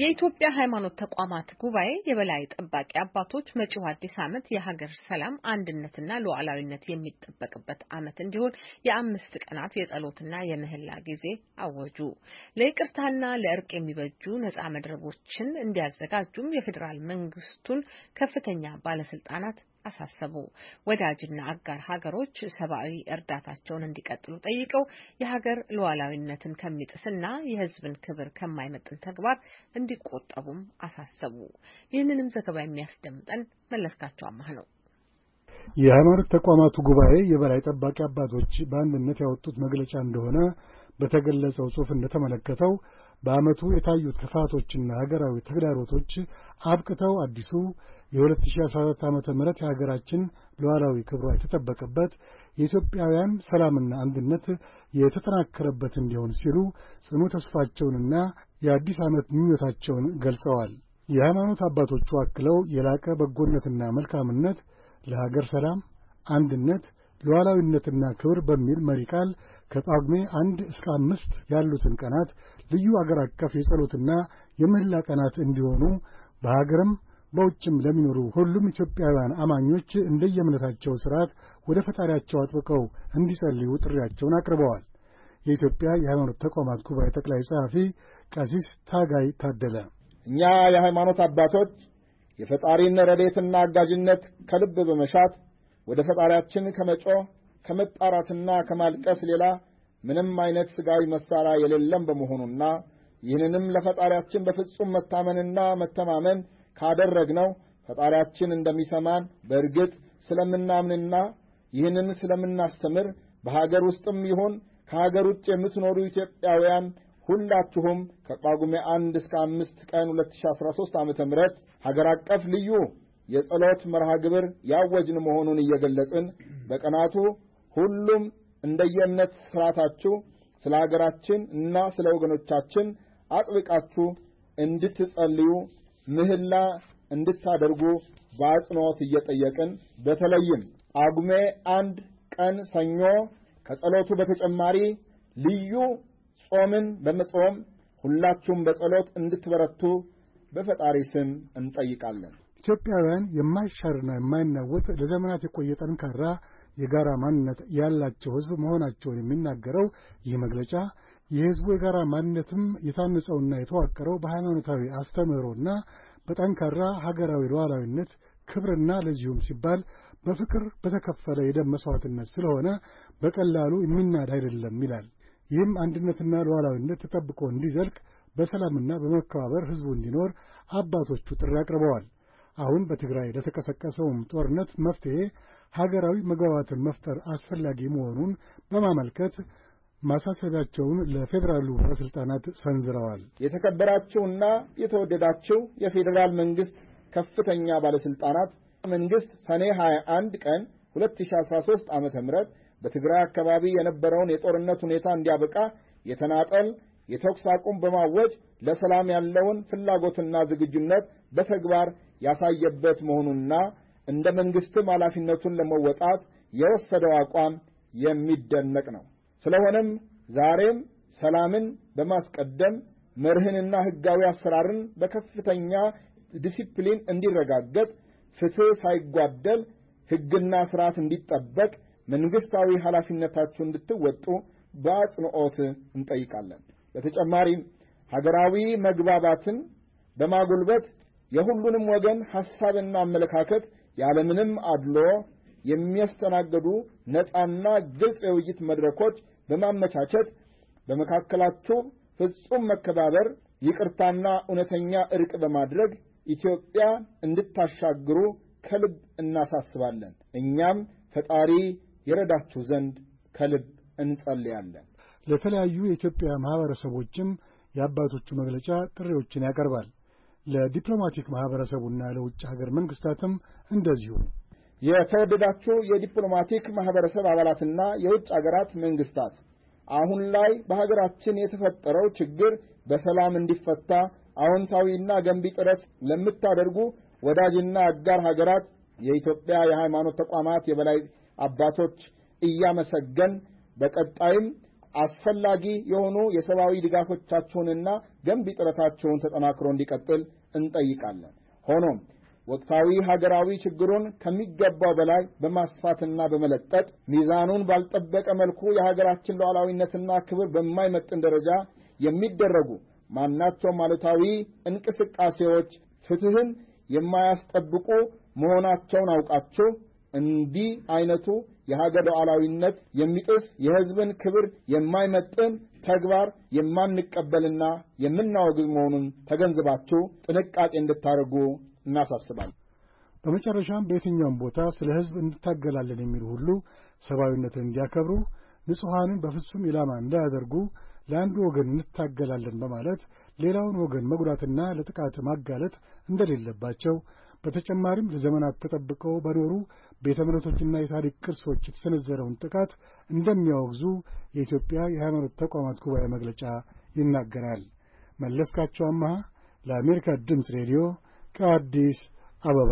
የኢትዮጵያ ሃይማኖት ተቋማት ጉባኤ የበላይ ጠባቂ አባቶች መጪው አዲስ ዓመት የሀገር ሰላም አንድነትና ሉዓላዊነት የሚጠበቅበት ዓመት እንዲሆን የአምስት ቀናት የጸሎትና የምህላ ጊዜ አወጁ። ለይቅርታና ለእርቅ የሚበጁ ነፃ መድረኮችን እንዲያዘጋጁም የፌዴራል መንግስቱን ከፍተኛ ባለስልጣናት አሳሰቡ። ወዳጅና አጋር ሀገሮች ሰብአዊ እርዳታቸውን እንዲቀጥሉ ጠይቀው የሀገር ሉዓላዊነትን ከሚጥስና የሕዝብን ክብር ከማይመጥን ተግባር እንዲቆጠቡም አሳሰቡ። ይህንንም ዘገባ የሚያስደምጠን መለስካቸው አማህ ነው። የሃይማኖት ተቋማቱ ጉባኤ የበላይ ጠባቂ አባቶች በአንድነት ያወጡት መግለጫ እንደሆነ በተገለጸው ጽሑፍ እንደተመለከተው በዓመቱ የታዩት ክፋቶችና ሀገራዊ ተግዳሮቶች አብቅተው አዲሱ የ2012 ዓ ም የሀገራችን ሉዓላዊ ክብሯ የተጠበቀበት የኢትዮጵያውያን ሰላምና አንድነት የተጠናከረበት እንዲሆን ሲሉ ጽኑ ተስፋቸውንና የአዲስ ዓመት ምኞታቸውን ገልጸዋል። የሃይማኖት አባቶቹ አክለው የላቀ በጎነትና መልካምነት ለሀገር ሰላም፣ አንድነት፣ ሉዓላዊነትና ክብር በሚል መሪ ቃል ከጳጉሜ አንድ እስከ አምስት ያሉትን ቀናት ልዩ አገር አቀፍ የጸሎትና የምህላ ቀናት እንዲሆኑ በሀገርም በውጭም ለሚኖሩ ሁሉም ኢትዮጵያውያን አማኞች እንደየእምነታቸው ሥርዓት ወደ ፈጣሪያቸው አጥብቀው እንዲጸልዩ ጥሪያቸውን አቅርበዋል። የኢትዮጵያ የሃይማኖት ተቋማት ጉባኤ ጠቅላይ ጸሐፊ ቀሲስ ታጋይ ታደለ እኛ የሃይማኖት አባቶች የፈጣሪን ረዴትና አጋዥነት ከልብ በመሻት ወደ ፈጣሪያችን ከመጮ ከመጣራትና ከማልቀስ ሌላ ምንም አይነት ሥጋዊ መሣሪያ የሌለም በመሆኑና ይህንንም ለፈጣሪያችን በፍጹም መታመንና መተማመን ካደረግነው ፈጣሪያችን እንደሚሰማን በእርግጥ ስለምናምንና ይህንን ስለምናስተምር በሀገር ውስጥም ይሁን ከሀገር ውጭ የምትኖሩ ኢትዮጵያውያን ሁላችሁም ከጳጉሜ አንድ እስከ አምስት ቀን 2013 ዓመተ ምህረት ሀገር አቀፍ ልዩ የጸሎት መርሃ ግብር ያወጅን መሆኑን እየገለጽን በቀናቱ ሁሉም እንደየእምነት ስርዓታችሁ ስለ ሀገራችን እና ስለ ወገኖቻችን አጥብቃችሁ እንድትጸልዩ ምህላ እንድታደርጉ በአጽንኦት እየጠየቅን በተለይም ጳጉሜ አንድ ቀን ሰኞ ከጸሎቱ በተጨማሪ ልዩ ጾምን በመጾም ሁላችሁም በጸሎት እንድትበረቱ በፈጣሪ ስም እንጠይቃለን። ኢትዮጵያውያን የማይሻርና የማይናወጥ ለዘመናት የቆየ ጠንካራ የጋራ ማንነት ያላቸው ሕዝብ መሆናቸውን የሚናገረው ይህ መግለጫ የሕዝቡ የጋራ ማንነትም የታነጸውና የተዋቀረው በሃይማኖታዊ አስተምህሮና በጠንካራ ሀገራዊ ሉዓላዊነት ክብርና ለዚሁም ሲባል በፍቅር በተከፈለ የደም መሥዋዕትነት ስለሆነ በቀላሉ የሚናድ አይደለም ይላል። ይህም አንድነትና ሉዓላዊነት ተጠብቆ እንዲዘልቅ በሰላምና በመከባበር ሕዝቡ እንዲኖር አባቶቹ ጥሪ አቅርበዋል። አሁን በትግራይ ለተቀሰቀሰውም ጦርነት መፍትሔ ሀገራዊ መግባባትን መፍጠር አስፈላጊ መሆኑን በማመልከት ማሳሰቢያቸውን ለፌዴራሉ ባለሥልጣናት ሰንዝረዋል። የተከበራቸውና የተወደዳቸው የፌዴራል መንግሥት ከፍተኛ ባለሥልጣናት መንግሥት ሰኔ 21 ቀን 2013 ዓ ም በትግራይ አካባቢ የነበረውን የጦርነት ሁኔታ እንዲያበቃ የተናጠል የተኩስ አቁም በማወጅ ለሰላም ያለውን ፍላጎትና ዝግጁነት በተግባር ያሳየበት መሆኑና እንደ መንግሥትም ኃላፊነቱን ለመወጣት የወሰደው አቋም የሚደነቅ ነው። ስለሆነም ዛሬም ሰላምን በማስቀደም መርህንና ህጋዊ አሰራርን በከፍተኛ ዲሲፕሊን እንዲረጋገጥ፣ ፍትሕ ሳይጓደል ሕግና ሥርዓት እንዲጠበቅ መንግሥታዊ ኃላፊነታችሁ እንድትወጡ በአጽንኦት እንጠይቃለን። በተጨማሪም ሀገራዊ መግባባትን በማጎልበት የሁሉንም ወገን ሐሳብና አመለካከት ያለምንም አድሎ የሚያስተናግዱ ነፃና ግልጽ የውይይት መድረኮች በማመቻቸት በመካከላችሁ ፍጹም መከባበር፣ ይቅርታና እውነተኛ እርቅ በማድረግ ኢትዮጵያ እንድታሻግሩ ከልብ እናሳስባለን። እኛም ፈጣሪ የረዳችሁ ዘንድ ከልብ እንጸልያለን። ለተለያዩ የኢትዮጵያ ማኅበረሰቦችም የአባቶቹ መግለጫ ጥሪዎችን ያቀርባል። ለዲፕሎማቲክ ማኅበረሰቡና ለውጭ ሀገር መንግሥታትም እንደዚሁ የተወደዳችሁ የዲፕሎማቲክ ማህበረሰብ አባላትና የውጭ አገራት መንግስታት፣ አሁን ላይ በሀገራችን የተፈጠረው ችግር በሰላም እንዲፈታ አዎንታዊና ገንቢ ጥረት ለምታደርጉ ወዳጅና አጋር ሀገራት የኢትዮጵያ የሃይማኖት ተቋማት የበላይ አባቶች እያመሰገን በቀጣይም አስፈላጊ የሆኑ የሰብአዊ ድጋፎቻችሁንና ገንቢ ጥረታችሁን ተጠናክሮ እንዲቀጥል እንጠይቃለን። ሆኖም ወቅታዊ ሀገራዊ ችግሩን ከሚገባው በላይ በማስፋትና በመለጠጥ ሚዛኑን ባልጠበቀ መልኩ የሀገራችን ሉዓላዊነትና ክብር በማይመጥን ደረጃ የሚደረጉ ማናቸውም አሉታዊ እንቅስቃሴዎች ፍትህን የማያስጠብቁ መሆናቸውን አውቃችሁ እንዲህ አይነቱ የሀገር ሉዓላዊነት የሚጥስ የሕዝብን ክብር የማይመጥን ተግባር የማንቀበልና የምናወግዝ መሆኑን ተገንዝባችሁ ጥንቃቄ እንድታደርጉ እናሳስባል። በመጨረሻም በየትኛውም ቦታ ስለ ህዝብ እንታገላለን የሚሉ ሁሉ ሰብአዊነትን እንዲያከብሩ፣ ንጹሐንን በፍጹም ኢላማ እንዳያደርጉ፣ ለአንዱ ወገን እንታገላለን በማለት ሌላውን ወገን መጉዳትና ለጥቃት ማጋለጥ እንደሌለባቸው በተጨማሪም ለዘመናት ተጠብቀው በኖሩ ቤተ እምነቶችና የታሪክ ቅርሶች የተሰነዘረውን ጥቃት እንደሚያወግዙ የኢትዮጵያ የሃይማኖት ተቋማት ጉባኤ መግለጫ ይናገራል። መለስካቸው አማሃ ለአሜሪካ ድምፅ ሬዲዮ ከአዲስ አበባ